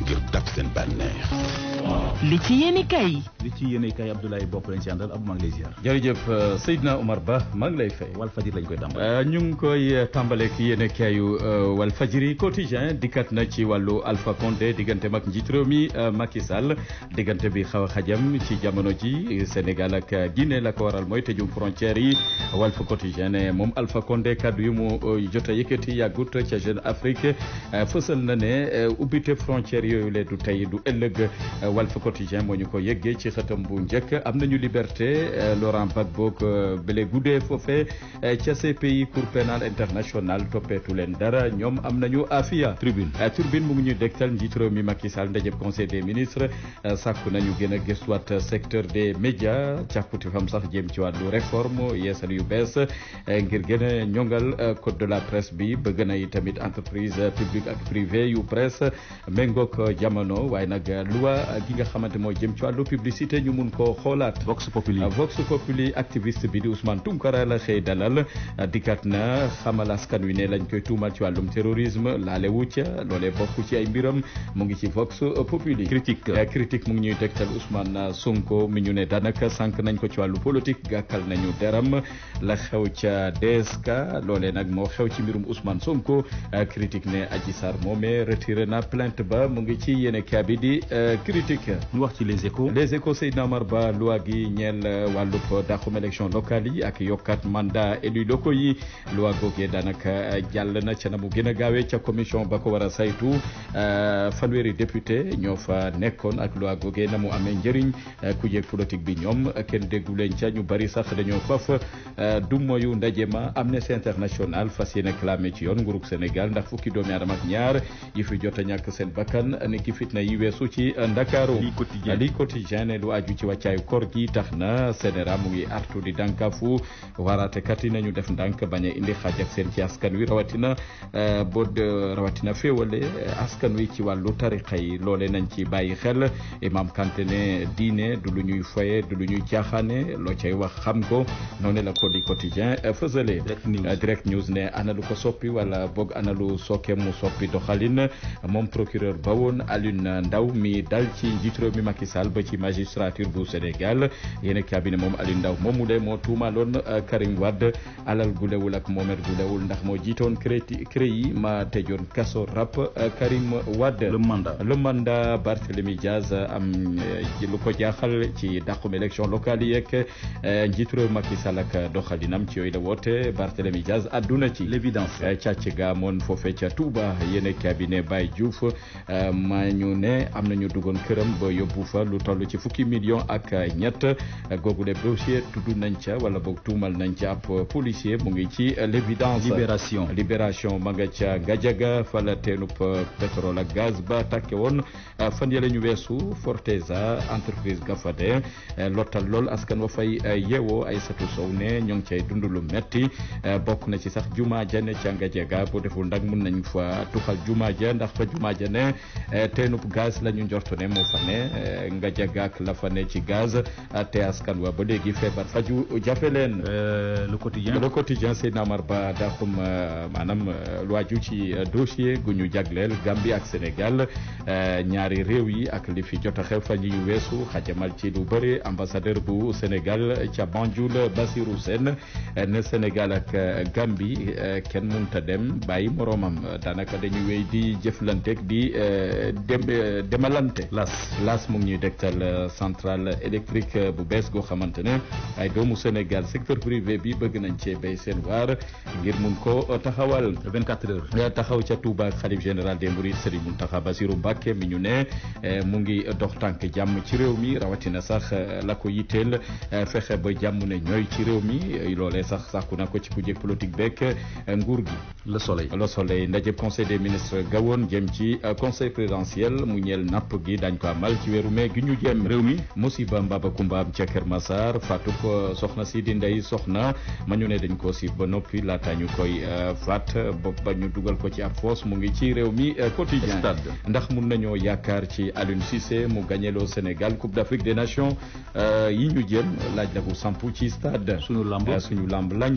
ngir dab seen li ci yéen i kay. li ci yéen i kay Abdoulaye Bopp lañ si àndal lay ziar. jërëjëf euh, Seydina Omar Ba maa ngi lay fay. Wal Fajir lañ koy tàmbalee. Euh, ñu ngi i euh, kayu Wal Fajiri dikkat na ci wàllu Alpha Condé diggante mag njiit réew mi Macky Sall diggante bi xaw a xajam ci jamono ji Sénégal ak Guinée la ko waral mooy tëjum frontière yi Walf Quotidien ne moom Alpha Condé kaddu yi mu jot a ca Jeune Afrique fësal na ne ubbite frontière yooyu lee du tey du ëllëg euh, Walf Quotidien moo ñu ko yëggee ci xëtam bu njëkk am nañu liberté euh, Laurent Gbagbo euh, bële guddee foofee ca CPI Cour pénale internationale toppeetu leen dara ñoom am nañu afiya tribune tribune mu ngi ñuy dégtal njiit réew mi Macky Sall ndajeb conseil des ministres sàkku nañu gën a gëstuwaat secteur des médias càkkuti fam sax jéem ci waat wàllu réforme yeesal yu bees ngir gën a ñongal code de la presse bi bëgg na yi entreprise publique jamono waaye nag euh, loi gi nga xamante mooy jëm ci wàllu publicité ñu mun koo xoolaat. Vox Populi euh, Vox Populi activiste bi di Ousmane Tounkara la xëy dalal euh, dikkaat na xamal askan wi ne lañ koy tuumal ci wàllum terrorisme laale wu ca loolee bokk ci ay mbiram mu ngi ci Vox Populi. critique critique mu ngi ñuy tegtal Ousmane Sonko mi ñu ne daanaka sànq nañ ko ci wàllu politique gàkkal nañu deram la xew ca DSK loolee nag moo xew ci mbirum Ousmane Sonko critique ne Adji Sarr moomee retiré ngi ci yéen a kaabi di euh, critique ñu wax ci les échos les échos Seydina Omar Ba loi ñeel euh, wàllub dàqum élection locale yi ak yokkat mandat élus locaux yi loi googee daanaka euh, jàll na ca na mu gën a gaawee ca commission bako ko war a saytu fanweeri député ñoo fa nekkoon ak loi googee na mu amee njëriñ kujéeg politique bi ñoom kenn déggu leen ca ñu bari sax dañoo faf du moyu ndaje ma Amnesty International fas yéene clamé ci yoon nguurug Sénégal ndax fukki doomi aadama ñaar yi fi jot a ñàkk bakkan niki fitna yi weesu ci uh, Ndakaaru li quotidien lu aju ci wàccaayu koor gi tax na sénéra mu ngi artu di dànkafu waraatekat yi nañu def ndànk bañ indi xaaj ak seen ci askan wi rawatina uh, bod rawatina féewale uh, askan wi ci wàllu tariqa yi loole nañ ci bàyyi xel imam Kanté ne diine du lu ñuy foye du lu ñuy caaxaane loo cay wax xam ko noonu la ko li quotidien fësale direct news ne ana ko soppi wala boog analu lu mu soppi doxalin moom procureur bawo woon Alioune Ndao mi dal ci njiitu mi Macky Sall ba ci magistrature bu Sénégal yéen ak cabinet moom Alioune Ndao moomu de moo tuumaaloon euh, Karim Wade alal gu lewul ak moomet ndax moo jiitoon CREI yi ma tëjoon kaso rap euh, Karim Wade le mandat le mandat Barthélémy Diaz am euh, lu ko jaaxal ci dàqum élection locale yi ak njiitu réew Macky Sall ak doxalinam ci yooyu la woote Barthélémy Diaz àdduna ci l'évidence càcc ga amoon foofee ca Touba yéen ak cabinet Baye maa ñu ne am nañu duggoon këram ba yóbbu fa lu toll ci fukki million ak ñett googu le dossier nañ ca wala boog tuumal nañ ca ab policier mu ngi ci l'évidence libération libération ma nga ca Gajaga fa la teenub euh, pétrole ak gaz ba tàkke woon euh, fan yële ñu weesu Forteza entreprise gafade euh, lottal lool askan wa fay yeewoo ay satu sow ne ñoo ngi cay dund lu metti bokk na ci sax juma jane ca Gajaga boo deful ndak mun nañ fa tuxal juma ja ndax fa juma jane Eh, teenub gaz lañu ñu njortu ne moo ne eh, nga jagaak la fa ne ci gaz eh, te askan wa ba léegi feebar faju jafe leen. le quotidien le quotidien Seydina Amar Ba daaxum maanaam lu waju ci dossier gu ñu jagleel Gambie ak Sénégal ñaari réew yi ak lifi fi jot a xew fa ñuy weesu xajamal ci lu bëri ambassadeur bu Sénégal ca Banjul Basirou Sène ne Sénégal ak Gambie kenn mënut a dem bàyyi moromam daanaka dañuy wéy di jëflanteeg bi dem euh, demalante las las mu ngi ñuy dégtal euh, centrale électrique euh, bu bees goo xamante ne ay doomu Sénégal secteur privé bi bëgg nañ cee béy seen waar ngir mun ko taxawal 24 heures taxaw ca Touba xalif général des Mourides Serigne Mountakha Bassirou Mbacké mi ñu ne mu ngi dox tànk jàmm ci réew mi rawatina sax la ko yitteel fexe ba jàmm ne ñooy ci réew mi loole sax sàkku na ko ci ku jëkk politique beeg nguur gi le soleil le soleil ndaje conseil des ministres gawoon jëm ci conseil présidentielle mu ñeel napp gi dañ ko amal ci weeru mai gi ñu jéem réew mi musiba mbaba kumbaam ca Kër Massar faatu ko soxna si di ndey soxna ma ñu ne dañ ko si ba noppi laata ñu koy euh, faat ba ñu dugal ko ci ab foos mu ngi ci réew mi euh, quotidien stade ndax mun nañoo yaakaar ci Aliou Cissé mu gañeloo Sénégal Coupe d'Afrique des Nations euh, yi ñu jëm laaj la ko samp ci stade suñu lamb suñu lamb la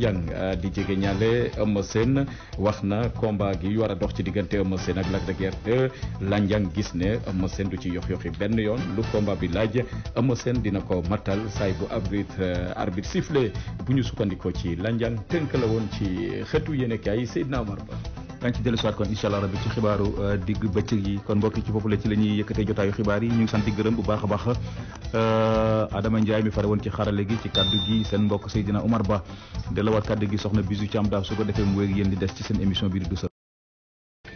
di jege ñaale Eumeu Sène wax na komba gi war a dox ci diggante Eumeu Sène ak Landiang gis ne Eumeu Sène du ci yox yoxi benn yoon lu combat bi laaj Eumeu Sène dina ko matal saay bu arbitre euh, arbitre sifflé bu ñu sukkandikoo ci Landiang tënk la woon ci xëtu yéenekaay yi Seydina Omar Ba daañu ci dellusiwaat kon incha allah rabbi ci xibaaru euh, digg bëccëg yi kon mbokki ci foofu la ci la ñuy yëkkatee jotaayu yi ñu ngi sant gërëm bu baax a baax euh, Adama Ndiaye mi fare woon ci xarale gi ci kaddu gi seen mbokk Seydina Omar Ba delluwaat kaddu gi soxna bisu Thiam daaw su ko defee mu wéeg yéen li des ci seen émission bi di dusal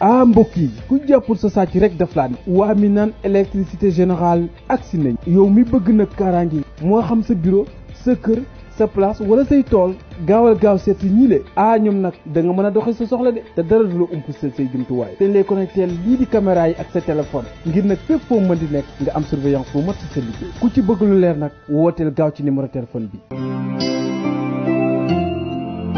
ah mbokk yi ku jàppul sa sàcc rek daf laa ne waa mi naan électricité générale si nañ yow mi bëgg nag kaaraange yi moo xam sa bureau sa kër sa place wala say tool gaawal gaaw seet si ñii le ah ñoom nag danga mën a doxe sa soxla de te dara du la umpaseel say jumtuwaay te ñu lay connecté lii di caméra yi ak sa téléphone ngir nag fépp foo mën di nekk nga am surveillance bu mat si sa liggéey ku ci bëgg leer nag wooteel gaaw ci numéro téléphone bi